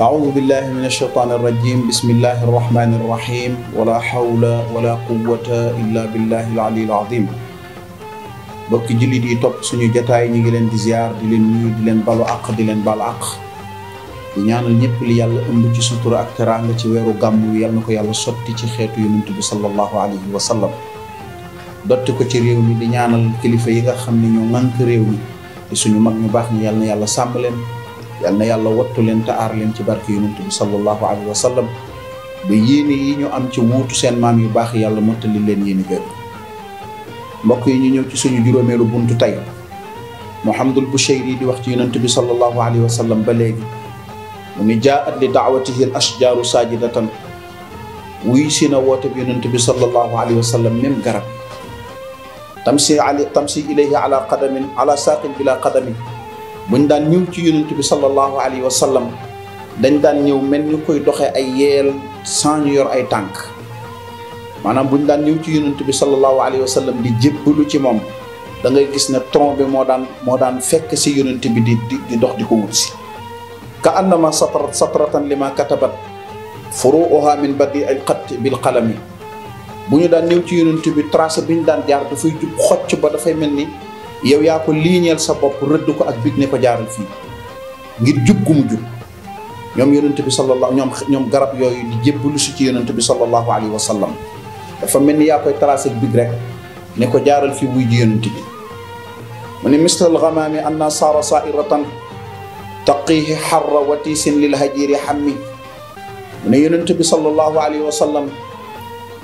أعوذ بالله من الشيطان الرجيم بسم الله الرحمن الرحيم ولا حول ولا قوة إلا بالله العلي العظيم mbokki jullit yi topp suñu ñu ngi leen di ziar di leen di leen balu àq di ñaanal ñëpp li yàlla ëmb ci sutura ak teraanga ci weeru gàmm wi na ko yàlla sotti ci xeetu yonent bi sallallahu alayhi wa dotti ko ci réew mi di ñaanal kilifa yi nga xam ne ñoo ŋànk réew mi suñu mag ñu baax ñi yàlla sàmm leen yal na yàlla wattu leen te aar leen ci barke yonent bi sallallahu alayhi wa sallam ba yéene yi ñu am ci wuutu seen maam yu baax yàlla mottali leen yéene bépp mbokk yi ñu ñëw ci suñu juróomeelu buntu tey Muhammadul Bushayri di wax ci yonent bi sallallahu alayhi wa sallam ba léegi mu ni jaat li daawatihi al ashjaaru saajidatan wuy si na woote bi yonent bi sallallahu alayhi wa sallam même garab tamsi ali tamsi ilayhi ala qadamin bila qadamin buñ daan ñëw ci yonent bi sallallahu alayhi wa sallam dañ daan ñëw mel ni koy doxee ay yeel sans ñu yor ay tànk maanaam buñ daan ñëw ci yonent bi sallallahu alayhi wa sallam di jébbalu ci moom dangay gis ne tronc bi moo daan moo daan fekk si yonent bi di di dox di ko wut si ka annama satrat satratan li ma katabat furuuha min badi al xat bil qalami bu ñu daan ñëw ci yonent bi tracé bi ñu daan jaar dafay jub xocc ba dafay mel ni yow yaa ko liiñeel sa bopp rëdd ko ak big ne ko jaaral fii ngir jub gu ñoom yonent bi sallallahu ñoom ñoom garab yooyu di jébbalu si ci yonent bi sallallahu alayhi wa sallam dafa mel ni yaa koy tracé ak big rek ne ko jaaral fii muy ji yonent bi mu ne mislal gamaami anna saara saairatan taqiihi xarra watiisin lil hajiiri xammi mu ne yonent bi sallallahu alayhi wa sallam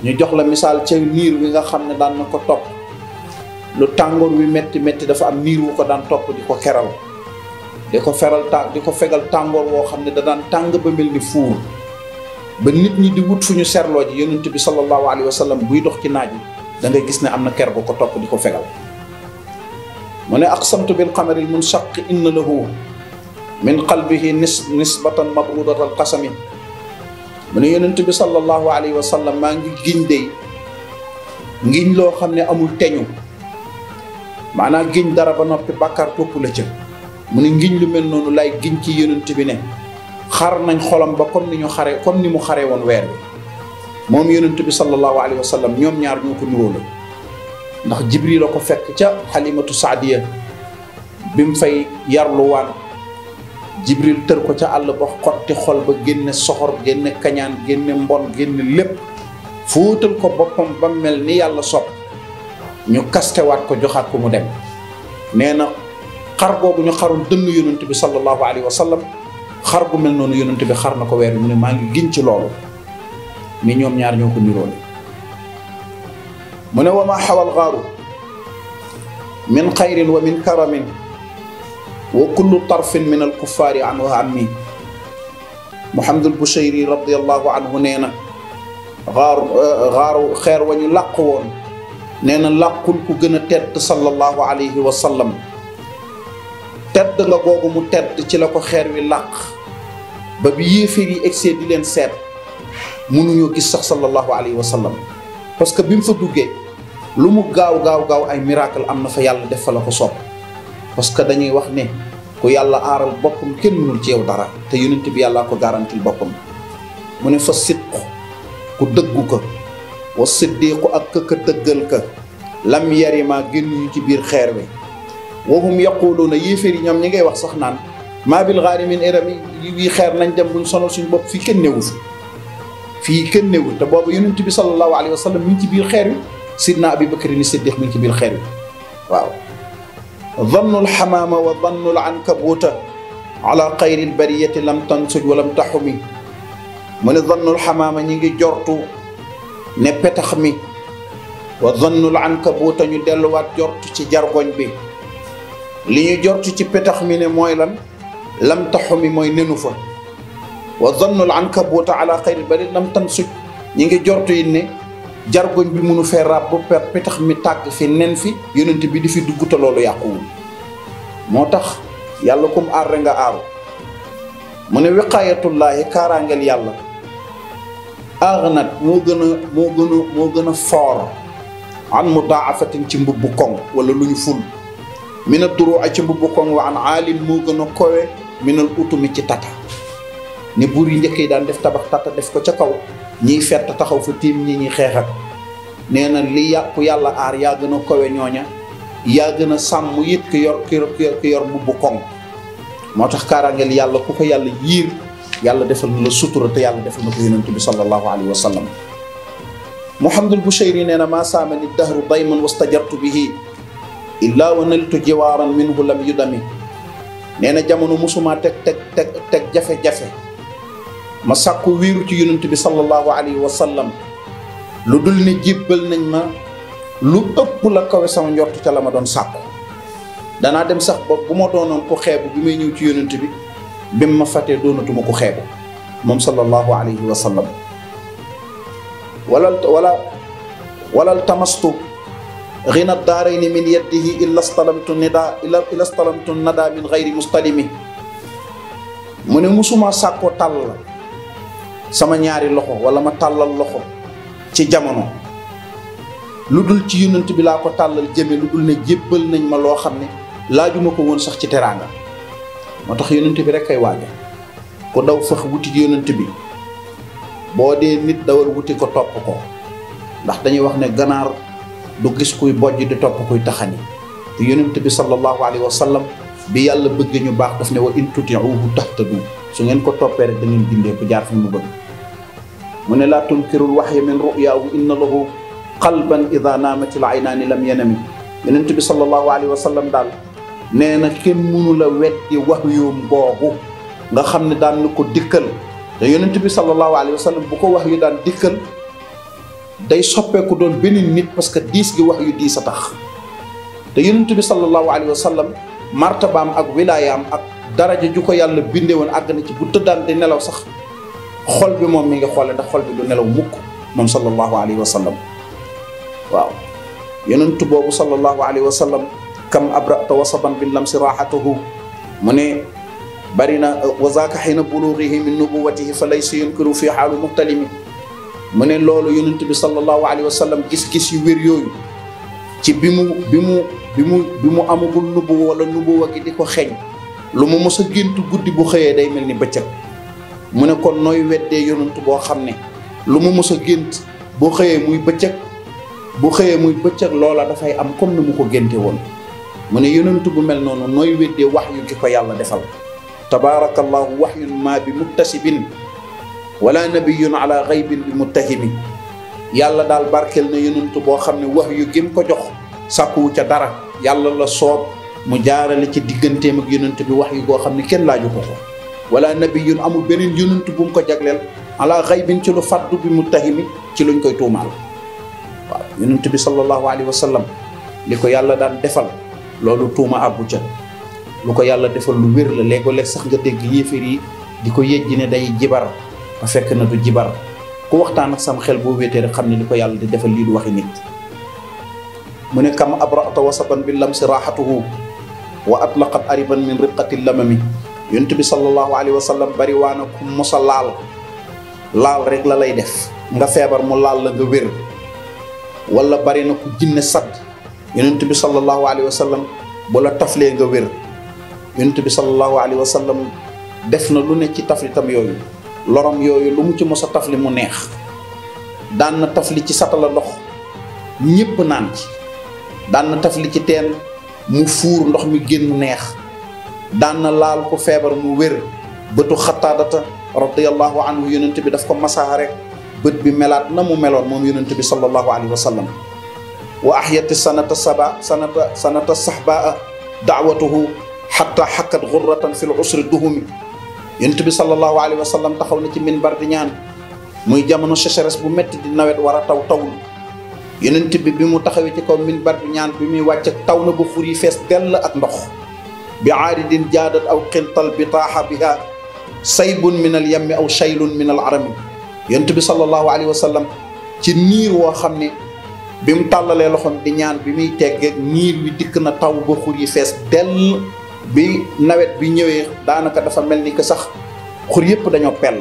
ñu jox la misaal ca niir wi nga xam ne daan na ko topp lu tàngoor wi metti metti dafa am niir wu ko daan topp di ko keral di ko feral ta di ko fegal tàngoor woo xam ne da daan tàng ba mel ni fuur ba nit ñi di wut fu ñu serloo ji yonent bi sallallahu alayhi wa buy dox ci naaj wi da ngay gis ne am na ker gu ko topp di ko fegal mu ne aqsamtu bil qamari mun shaq inna lahu min qalbihi nis nisbatan mabrudat al qasami mu ne yonent bi sallallahu alayhi wa sallam maa ngi giñ dey ngiñ loo xam ne amul teñu maanaam giñ dara ba noppi bàkkaar topp la ca mu ne ngiñ lu mel noonu laay giñ ci yonent bi ne xar nañ xolam ba comme ni ñu xare comme ni mu xare woon weer bi moom yonent bi sallallahu alayhi wa sallam ñoom ñaar ñoo ko nuróo la ndax jibril la ko fekk ca xalimatu saadiya bi mu fay yarluwaan jibril tër ko ca àll ba xotti xol ba génne soxor génne kañaan génne mbon génne lépp fóotal ko boppam ba mel ni yàlla sopp ñu kastewaat ko joxaat ko mu dem nee na xar googu ñu xarul dënn yonent bi sallallahu alayhi wa sallam xar gu mel noonu yonent bi xar na ko weer mu ne maa ngi giñ ci loolu ni ñoom ñaar ñoo ko niroole mu ne wa maa xawal xaaru min xayrin wa min karamin wa kullu tarfin min al kuffaari an wa an mi Muhammadul Bushayri radiyallahu anhu nee na xaaru xeer wa ñu làq woon nee na làqul ku gën a tedd sallallahu alayhi wa sallam tedd nga googu mu tedd ci la ko xeer wi làq ba bi yéeféer yi egsee di leen seet mënuñoo gis sax sallallahu alayhi wa sallam parce que bi mu fa duggee lu mu gaaw gaaw gaaw ay miracle am na fa yàlla def fa la ko soob parce que dañuy wax ne ku yàlla aaral boppam kenn mënul ci yow dara te yonent bi yàllaa ko garantil boppam mu ne fa sidq ku dëggu ko wa siddiqu ak këka dëggal ka lam yarima génnuñu ci biir xeer wi wahum yaquluuna yéeféer yi ñoom ñi ngay wax sax naan maa bil gaarimin irami yi xeer nañ dem buñ sonal suñ bopp fi kenn néewul fii kenn néewul te boobu yonent bi sallallahu alayhi wa sallam mi ci biir xeer wi sidna abi bakri ni siddiq ci biir xeer wi waaw dannul xamaama wa dannul ankabuuta ala xayril bariyati lam tansuj wa lam taxumi mu ne dannul xamaama ñi ngi jortu ne petax mi wa zannul ankabuuta ñu delluwaat jortu ci jargoñ bi li ñu jortu ci petax mi ne mooy lan lam taxu mi mooy nenu fa wa zannul ankabuuta ala xayri bari lam tan suj ñi ngi jortu yi ne jargoñ bi mënu fee ràbb per petax mi tàgg fi nen fi yonent bi di fi dugg te loolu yàquwul moo tax yàlla kum aar nga aaru mu ne wiqaayatullaahi kaaraangeel yàlla aghnat moo gën a moo gën a moo gën a mu an mudaafatin ci mbubbu koŋ wala lu ñu ful min a duru a ci mbubbu koŋ wa an aalin moo gën a kowe minal utumi ci tata ne buur yi njëkk yi daan def tabax tata def ko ca kaw ñiy fett taxaw fa tiim ñi ñuy xeex ak na li yàqu yàlla aar yaa gën a kowe ñooña yaa gën a sàmm it ki yor ki yor ki yor koŋ moo tax kaaraangeel yàlla ku ko yàlla yiir yàlla defal na la sutura te yàlla defal na ko yonent bi sallallahu alayhi wa sallam Muhammadul Bushayri nee na maa saamani dahru dayman wastajartu bihi illaa wa naltu jiwaaran minhu lam yudami nee na jamono musuma teg teg teg jafe-jafe ma sàkku wiiru ci yonent bi sallallahu alayhi wa sallam lu dul ni jébbal nañ ma lu ëpp la kawe sama njort ca la ma doon sàkku danaa dem sax ba bu ma doonoon ko xeebu bu may ñëw ci yonent bi bi ma fatee doonatuma ko xeebu moom sallallahu alayhi wa sallam walal wala walal tamastu xina daarayni min yaddihi illa stalamtu nida illa stalamtu nada min xayri mustalimi mu ne musuma sàkkoo tàll sama ñaari loxo wala ma tàllal loxo ci jamono lu dul ci yonent bi laa ko tàllal jëme lu dul ne jébbal nañ ma loo xam ne laajuma ko woon sax ci teraanga moo tax yonent bi rek ay waaja ku daw sax wuti yonent bi boo dee nit dawal wuti ko topp ko ndax dañuy wax ne ganaar du gis kuy bojj di topp kuy taxani te yonent bi sallallahu alayhi wa sallam bi yàlla bëgg ñu baax daf ne wa in tutiuhu tahtadu su ngeen ko toppee rek da ngeen dindee ku jaar fi mu bëgg mu ne laa tunkirul waxya min ru'yaahu inna lahu ay ida naamatil aynaani lam yanami yonent bi sallallahu alayhi wa sallam daal nee na kenn mënu wet weddi wax yoom boobu nga xam ne daan na ko dikkal te yonent bi sallallahu alayhi wa bu ko wax yu daan dikkal day soppeeku doon benn nit parce que diis gi wax yu diis a tax te yonent bi sallallahu alayhi wa sallam martabaam ak wilaayaam ak daraja ju ko yàlla bindee woon àgg na ci bu tëddaan di nelaw sax xol bi moom mi ngi xoolee ndax xol bi du nelaw mukk moom sallallahu alayhi wa sallam waaw yonent boobu sallallahu alayhi wa sallam kam abrata wasaban bin lam si raaxatuhu mu ne bari na wa zaaka xina buluuxihi min nubuwatihi fa fii yunkiru fi xaalu muxtalimi mu ne loolu yonent bi sallallahu alayhi wa sallam gis-gis yu wér yooyu ci bi mu bi mu bi mu bi mu amagul nubuwa wala nubuwa gi di ko xeeñ lu mu mos a gént guddi bu xëyee day mel ni bëccëg mu ne kon nooy weddee yonent boo xam ne lu mu mos a gént boo xëyee muy bëccëg bu xëyee muy bëccëg loola dafay am comme ni mu ko génte woon mu ne yonentu bu mel noonu nooy weddee wax yu gi ko yàlla defal tabaarakallahu wax yun ma bi muttasibin wala nabiyun ala xaybin bi muttahimi yàlla daal barkeel na yonentu boo xam ne wax yu gim ko jox sàkkuwu ca dara yàlla la soob mu jaarale ci digganteem ak yonent bi wax yu goo xam ne kenn laaju ko ko wala nabiyun amul beneen yonent bu mu ko jagleel ala xaybin ci lu fàddu bi muttahimi ci luñ koy tuumaal waaw yonent bi sallallahu alayhi wa sallam yàlla daan defal loolu tuuma àbbu ca lu ko yàlla defal lu wér la léegoo-leeg sax nga dégg yéeféer yi di ko yejji ne day jibar ba fekk na du jibar ku waxtaan ak sam xel boo wéetee xam ne li ko yàlla di defal lii du waxi nit mu ne kam abrata wasaban bi lam si raaxatuhu wa atlaqat ariban min riqati lamami yonent bi sallallahu alayhi bari waa na ku mos laal laal rek la lay def nga feebar mu laal la nga wér wala bari na ku jinne sadd yonent bi sallallahu alayhi wa sallam bu la taflee nga wér yonent bi sallallahu alayhi wa sallam def na lu ne ci taflitam yooyu lorom yooyu lu mu ci mosa a tafli mu neex daan na tafli ci satala ndox ñépp naan ci daan na ci teen mu fuur ndox mi génn neex daan na laal ko feebar mu wér bëtu xataadata radiyallahu anhu yonent bi daf ko masaa rek bët bi melaat na mu meloon moom yonent bi sallallahu alayhi wa wa ahyati sanata saba sanata sanata sahbaa daawatuhu xatta xakkat xurratan fi l usri duhumi yonent bi sallallahu alayhi wa sallam taxaw na ci minbar di ñaan muy jamono sécheresse bu métti di nawet war a taw tawul yonent bi bi mu taxawee ci kaw minbar bi ñaan bi muy wàcc taw na ba fur yi fees dell ak ndox bi aaridin jaadat aw xintal bitaaxa biha saybun min al yammi aw shaylun min al arami yonent bi sallallahu alayhi wa sallam ci niir woo xam ne bi mu tàllalee loxoom di ñaan bi muy teggeeg niir wi dikk na taw ba xur yi fees dell bi nawet bi ñëwee daanaka dafa mel ni que sax xur yëpp dañoo pell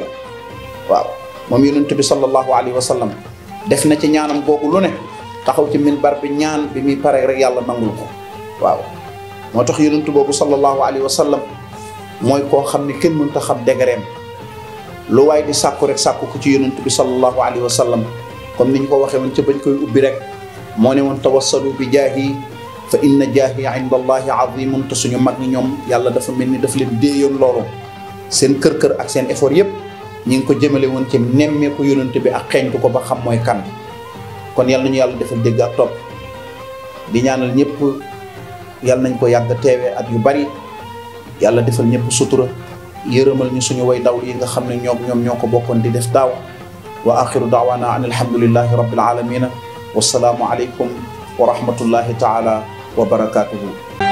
waaw moom yonent bi sallallahu alayhi wa sallam def na ci ñaanam googu lu ne taxaw ci min bar bi ñaan bi muy pare rek yàlla nangul ko waaw moo tax yonent boobu sallallahu alayhi wa sallam mooy koo xam ne kenn mënta xam degereem lu waay di sàkku rek sàkku ko ci yonent bi sallallahu alayhi wa sallam comme ni ñu ko waxee woon ca bañ koy ubbi rek moo ne woon tawassalu bi jaahi fa inna jaahi inda allahi azimun te suñu mag ñi ñoom yàlla dafa mel ni daf leen déeyoon loolu seen kër-kër ak seen effort yépp ñu ngi ko jëmalee woon ci nemmee ko yonante bi ak xeeñtu ko ba xam mooy kan kon yàlla nañu yàlla defal dégg ak topp di ñaanal ñëpp yàlla nañ ko yàgg teewe ak yu bari yàlla defal ñëpp sutura yërëmal ñu suñu way daw yi nga xam ne ñoom ñoom ñoo ko bokkoon di def daaw wa axiru daawaana an alhamdulillahi rabbil alamina wasalaamu aleykum wa rahmatullahi taala wa barakatuhu